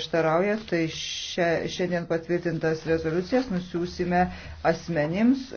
prieštarauja, tai šiandien patvirtintas rezoliucijas nusiūsime asmenims.